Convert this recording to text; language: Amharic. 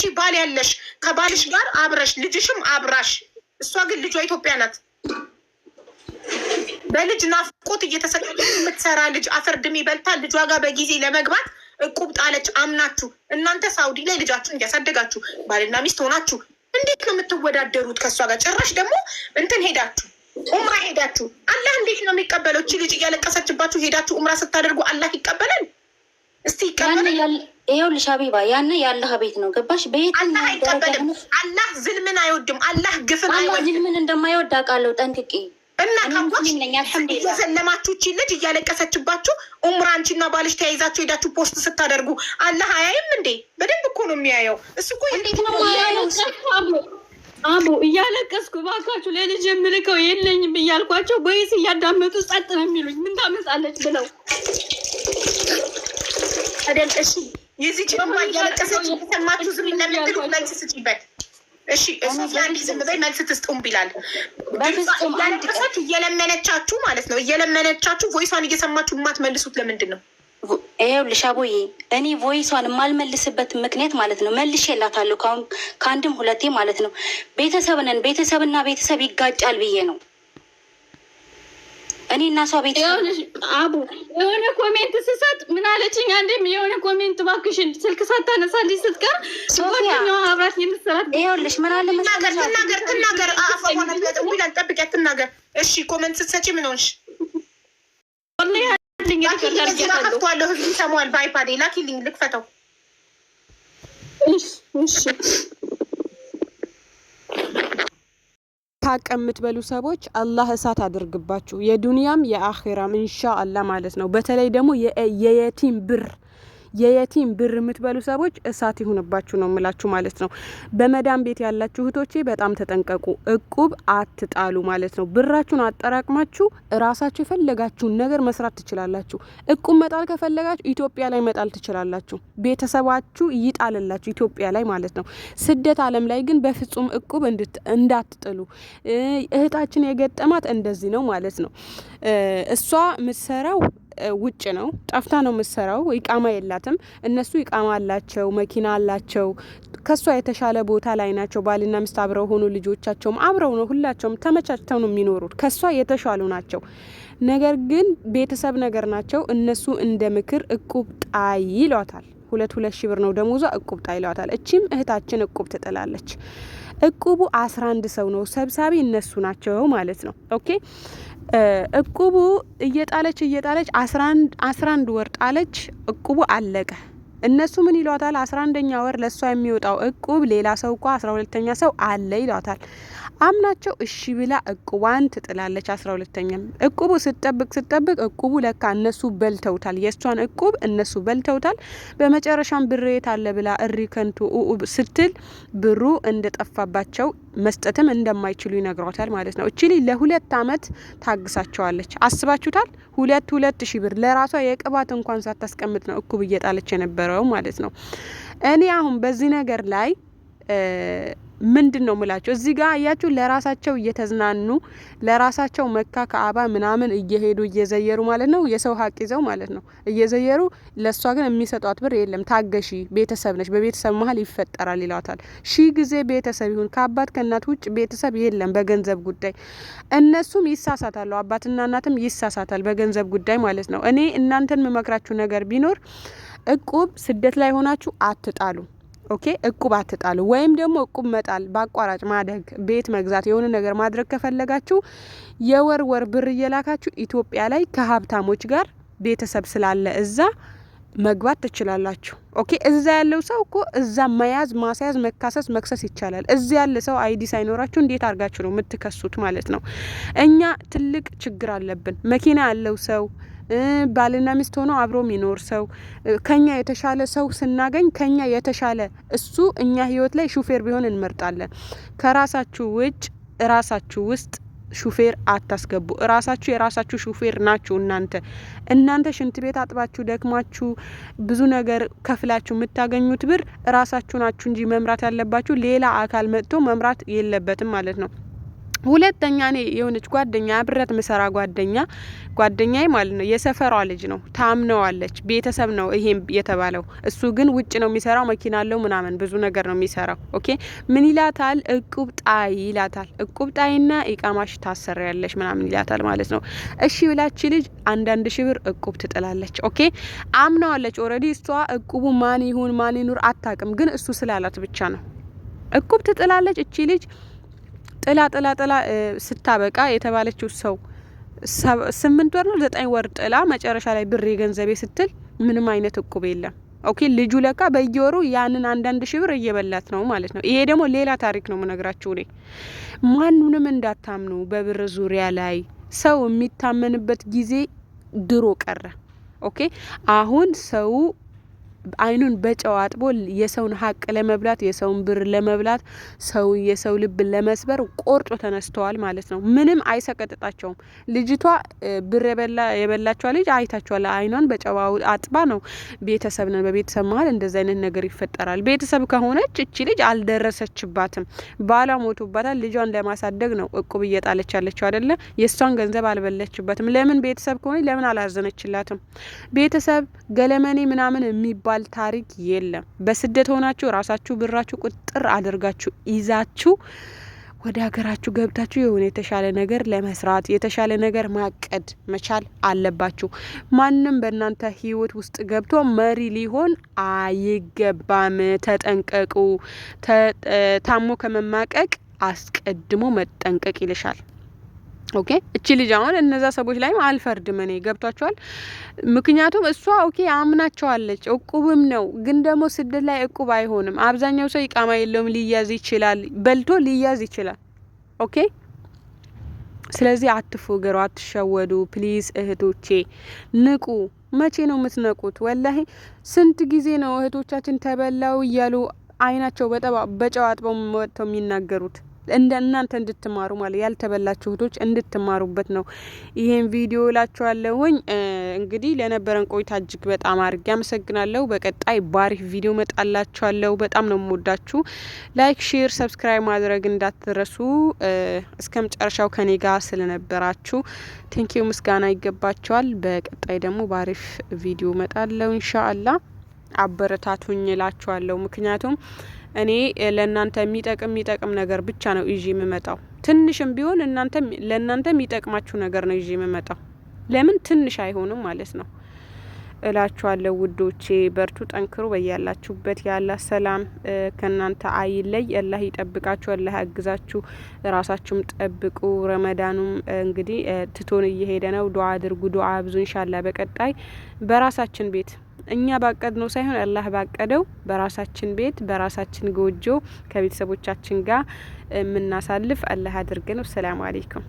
አንቺ ባል ያለሽ ከባልሽ ጋር አብረሽ ልጅሽም አብራሽ፣ እሷ ግን ልጇ ኢትዮጵያ ናት። በልጅ ናፍቆት እየተሰቀለ የምትሰራ ልጅ አፈር ድሜ በልታ ልጇ ጋር በጊዜ ለመግባት እቁብ ጣለች። አምናችሁ እናንተ ሳውዲ ላይ ልጃችሁ እንዲያሳደጋችሁ ባልና ሚስት ሆናችሁ እንዴት ነው የምትወዳደሩት ከእሷ ጋር? ጭራሽ ደግሞ እንትን ሄዳችሁ ኡምራ ሄዳችሁ አላህ እንዴት ነው የሚቀበለው? እቺ ልጅ እያለቀሰችባችሁ ሄዳችሁ ኡምራ ስታደርጉ አላህ ይቀበላል? እስቲ ይቀበላል? ይኸውልሽ ሀቢባ ያነ የአላህ ቤት ነው ገባሽ? ቤት አላህ አይቀበልም። አላህ ዝልምን አይወድም። አላህ ግፍን አይወድም። ዝልምን እንደማይወድ አውቃለሁ ጠንቅቄ እና የዘለማችሁቺ ልጅ እያለቀሰችባችሁ ኡምራ አንቺና ባልሽ ተያይዛችሁ ሄዳችሁ ፖስት ስታደርጉ አላህ አያይም እንዴ? በደንብ እኮ ነው የሚያየው። እሱ እኮ አቦ እያለቀስኩ እባካችሁ ለልጅ የምልከው የለኝም እያልኳቸው ወይስ እያዳመጡ ጸጥ ነው የሚሉኝ? ምን ታመጻለች ብለው አደልቀሽ የዚች ማ እያለቀሰች የሰማችሁ ዝም ለምትሉ መልስ ስጭበት። እሺ እሱ ያንዲ ዝም በይ መልስ ትስጡም ቢላል ያለቀሰች እየለመነቻችሁ ማለት ነው። እየለመነቻችሁ ቮይሷን እየሰማችሁ የማትመልሱት ለምንድን ነው? ይሄው ልሻቦዬ እኔ ቮይሷን የማልመልስበት ምክንያት ማለት ነው መልሼ እላታለሁ ከአንድም ሁለቴ ማለት ነው ቤተሰብንን ቤተሰብና ቤተሰብ ይጋጫል ብዬ ነው እኔ እና እሷ ቤት አቡ የሆነ ኮሜንት ስሰጥ ምን አለችኝ? አንዴም የሆነ ኮሜንት እባክሽን ስልክ ሳታነሳልኝ ስትቀር ጓደኛዋ አብራት የምትሰራት ይኸውልሽ፣ ምን አለ መሰለሽ ትናገር ትናገር አፋ ሆነ ትናገር። እሺ ኮሜንት ስትሰጪ ምን ሆንሽ? ከፍተዋለሁ፣ ህዝብ ይሰማዋል። በአይፓዴ ላኪልኝ ልክፈተው። እሺ እሺ ሀቅ የምትበሉ ሰዎች አላህ እሳት አድርግባችሁ የዱንያም የአኼራም ኢንሻ አላህ ማለት ነው። በተለይ ደግሞ የየቲም ብር የየቲም ብር የምትበሉ ሰዎች እሳት ይሁንባችሁ ነው የምላችሁ ማለት ነው። በመዳም ቤት ያላችሁ እህቶቼ በጣም ተጠንቀቁ። እቁብ አትጣሉ ማለት ነው። ብራችሁን አጠራቅማችሁ እራሳችሁ የፈለጋችሁን ነገር መስራት ትችላላችሁ። እቁብ መጣል ከፈለጋችሁ ኢትዮጵያ ላይ መጣል ትችላላችሁ። ቤተሰባችሁ ይጣልላችሁ ኢትዮጵያ ላይ ማለት ነው። ስደት አለም ላይ ግን በፍጹም እቁብ እንዳትጥሉ። እህታችን የገጠማት እንደዚህ ነው ማለት ነው። እሷ ምትሰራው ውጭ ነው። ጠፍታ ነው የምትሰራው። ኢቃማ የላትም። እነሱ ኢቃማ አላቸው፣ መኪና አላቸው። ከሷ የተሻለ ቦታ ላይ ናቸው። ባልና ሚስት አብረው ሆኑ፣ ልጆቻቸውም አብረው ነው። ሁላቸውም ተመቻችተው ነው የሚኖሩት። ከሷ የተሻሉ ናቸው። ነገር ግን ቤተሰብ ነገር ናቸው። እነሱ እንደ ምክር እቁብ ጣይ ይሏታል። ሁለት ሁለት ሺ ብር ነው ደሞዟ። እቁብ ጣ ይለዋታል። እቺም እህታችን እቁብ ትጥላለች። እቁቡ አስራ አንድ ሰው ነው፣ ሰብሳቢ እነሱ ናቸው ማለት ነው። ኦኬ እቁቡ እየጣለች እየጣለች አስራ አንድ ወር ጣለች። እቁቡ አለቀ። እነሱ ምን ይሏታል? አስራ አንደኛ ወር ለእሷ የሚወጣው እቁብ ሌላ ሰው እኮ አስራ ሁለተኛ ሰው አለ ይሏታል። አምናቸው እሺ ብላ እቁቧን ትጥላለች። አስራ ሁለተኛም እቁቡ ስትጠብቅ ስትጠብቅ እቁቡ ለካ እነሱ በልተውታል። የእሷን እቁብ እነሱ በልተውታል። በመጨረሻም ብሬት አለ ብላ እሪ ከንቱ ኡኡብ ስትል ብሩ እንደጠፋባቸው መስጠትም እንደማይችሉ ይነግሯታል ማለት ነው። እቺ ለሁለት አመት ታግሳቸዋለች። አስባችሁታል? ሁለት ሁለት ሺ ብር ለራሷ የቅባት እንኳን ሳታስቀምጥ ነው እቁብ እየጣለች የነበረው። የነበረው ማለት ነው። እኔ አሁን በዚህ ነገር ላይ ምንድን ነው ምላቸው? እዚህ ጋር አያችሁ፣ ለራሳቸው እየተዝናኑ ለራሳቸው መካ ከአባ ምናምን እየሄዱ እየዘየሩ ማለት ነው፣ የሰው ሀቅ ይዘው ማለት ነው እየዘየሩ። ለእሷ ግን የሚሰጧት ብር የለም። ታገሺ፣ ቤተሰብ ነች፣ በቤተሰብ መሀል ይፈጠራል ይለዋታል። ሺ ጊዜ ቤተሰብ ይሁን ከአባት ከእናት ውጭ ቤተሰብ የለም በገንዘብ ጉዳይ። እነሱም ይሳሳታሉ፣ አባትና እናትም ይሳሳታል በገንዘብ ጉዳይ ማለት ነው። እኔ እናንተን መመክራችሁ ነገር ቢኖር እቁብ ስደት ላይ ሆናችሁ አትጣሉ። ኦኬ እቁብ አትጣሉ። ወይም ደግሞ እቁብ መጣል በአቋራጭ ማደግ፣ ቤት መግዛት፣ የሆነ ነገር ማድረግ ከፈለጋችሁ የወር ወር ብር እየላካችሁ ኢትዮጵያ ላይ ከሀብታሞች ጋር ቤተሰብ ስላለ እዛ መግባት ትችላላችሁ። ኦኬ እዛ ያለው ሰው እኮ እዛ መያዝ፣ ማስያዝ፣ መካሰስ፣ መክሰስ ይቻላል። እዚ ያለ ሰው አይዲ ሳይኖራችሁ እንዴት አድርጋችሁ ነው የምትከሱት ማለት ነው። እኛ ትልቅ ችግር አለብን። መኪና ያለው ሰው ባልና ሚስት ሆኖ አብሮ የሚኖር ሰው ከኛ የተሻለ ሰው ስናገኝ ከኛ የተሻለ እሱ እኛ ህይወት ላይ ሹፌር ቢሆን እንመርጣለን። ከራሳችሁ ውጭ ራሳችሁ ውስጥ ሹፌር አታስገቡ። እራሳችሁ የራሳችሁ ሹፌር ናችሁ። እናንተ እናንተ ሽንት ቤት አጥባችሁ ደክማችሁ ብዙ ነገር ከፍላችሁ የምታገኙት ብር እራሳችሁ ናችሁ እንጂ መምራት ያለባችሁ ሌላ አካል መጥቶ መምራት የለበትም ማለት ነው። ሁለተኛ እኔ የሆነች ጓደኛ አብረት ምሰራ ጓደኛ ጓደኛ ማለት ነው የሰፈሯ ልጅ ነው ታምነዋለች። ቤተሰብ ነው ይሄም የተባለው። እሱ ግን ውጭ ነው የሚሰራው፣ መኪና አለው ምናምን ብዙ ነገር ነው የሚሰራው። ኦኬ ምን ይላታል? እቁብ ጣይ ይላታል። እቁብ ጣይና ኢቃማሽ ያለች ምናምን ይላታል ማለት ነው። እሺ ብላች ልጅ አንዳንድ ሺ ብር እቁብ ትጥላለች። ኦኬ አምነዋለች። ኦልሬዲ እሷ እቁቡ ማን ይሁን ማን ይኑር አታቅም፣ ግን እሱ ስላላት ብቻ ነው እቁብ ትጥላለች እቺ ልጅ ጥላ ጥላ ጥላ ስታበቃ የተባለችው ሰው ስምንት ወር ነው ዘጠኝ ወር ጥላ መጨረሻ ላይ ብር የገንዘቤ ስትል ምንም አይነት እቁብ የለም። ኦኬ ልጁ ለካ በየወሩ ያንን አንዳንድ ሺህ ብር እየበላት ነው ማለት ነው። ይሄ ደግሞ ሌላ ታሪክ ነው የምነግራችሁ። እኔ ማንንም እንዳታምኑ በብር ዙሪያ ላይ ሰው የሚታመንበት ጊዜ ድሮ ቀረ። ኦኬ አሁን ሰው አይኑን በጨው አጥቦ የሰውን ሀቅ ለመብላት የሰውን ብር ለመብላት ሰው የሰው ልብ ለመስበር ቆርጦ ተነስተዋል ማለት ነው። ምንም አይሰቀጥጣቸውም። ልጅቷ ብር የበላቸዋ ልጅ አይታቸዋል። አይኗን በጨው አጥባ ነው። ቤተሰብ ነን። በቤተሰብ መሀል እንደዚ አይነት ነገር ይፈጠራል። ቤተሰብ ከሆነች እቺ ልጅ አልደረሰችባትም። ባሏ ሞቶባታል። ልጇን ለማሳደግ ነው እቁብ እየጣለች ያለችው አይደለ? የእሷን ገንዘብ አልበለችበትም። ለምን ቤተሰብ ከሆነች ለምን አላዘነችላትም? ቤተሰብ ገለመኔ ምናምን የሚባ የሚባል ታሪክ የለም። በስደት ሆናችሁ ራሳችሁ ብራችሁ ቁጥር አድርጋችሁ ይዛችሁ ወደ ሀገራችሁ ገብታችሁ የሆነ የተሻለ ነገር ለመስራት የተሻለ ነገር ማቀድ መቻል አለባችሁ። ማንም በእናንተ ሕይወት ውስጥ ገብቶ መሪ ሊሆን አይገባም። ተጠንቀቁ። ታሞ ከመማቀቅ አስቀድሞ መጠንቀቅ ይልሻል። ኦኬ እቺ ልጅ አሁን እነዛ ሰዎች ላይም አልፈርድም እኔ ገብቷቸዋል። ምክንያቱም እሷ ኦኬ አምናቸዋለች፣ እቁብም ነው። ግን ደግሞ ስደት ላይ እቁብ አይሆንም። አብዛኛው ሰው ይቃማ የለውም፣ ሊያዝ ይችላል፣ በልቶ ሊያዝ ይችላል። ኦኬ ስለዚህ አትፎገሩ፣ አትሸወዱ። ፕሊዝ እህቶቼ ንቁ። መቼ ነው የምትነቁት? ወላሂ ስንት ጊዜ ነው እህቶቻችን ተበላው እያሉ አይናቸው በጨዋጥበው ወጥተው የሚናገሩት? እንደ እናንተ እንድትማሩ ማለት ያልተበላችሁ እህቶች እንድትማሩበት ነው ይሄን ቪዲዮ ላችኋለሁኝ። እንግዲህ ለነበረን ቆይታ እጅግ በጣም አድርጌ አመሰግናለሁ። በቀጣይ ባሪፍ ቪዲዮ መጣላችኋለሁ። በጣም ነው የምወዳችሁ። ላይክ፣ ሼር፣ ሰብስክራይብ ማድረግ እንዳትረሱ። እስከ መጨረሻው ከኔ ጋር ስለነበራችሁ ቴንኪዩ፣ ምስጋና ይገባችኋል። በቀጣይ ደግሞ ባሪፍ ቪዲዮ መጣለሁ። እንሻአላ አበረታቱኝ እላችኋለሁ ምክንያቱም እኔ ለእናንተ የሚጠቅም የሚጠቅም ነገር ብቻ ነው ይዤ የምመጣው። ትንሽም ቢሆን ለእናንተ የሚጠቅማችሁ ነገር ነው ይዤ የምመጣው። ለምን ትንሽ አይሆንም ማለት ነው እላችኋለሁ ውዶቼ። በርቱ፣ ጠንክሩ። በያላችሁበት ያላ ሰላም ከእናንተ አይለይ። አላህ ይጠብቃችሁ፣ አላህ ያግዛችሁ። ራሳችሁም ጠብቁ። ረመዳኑም እንግዲህ ትቶን እየሄደ ነው። ዱዓ አድርጉ፣ ዱዓ አብዙ። እንሻላ በቀጣይ በራሳችን ቤት እኛ ባቀድነው ሳይሆን አላህ ባቀደው በራሳችን ቤት በራሳችን ጎጆ ከቤተሰቦቻችን ጋር የምናሳልፍ አላህ አድርገን። ሰላም አለይኩም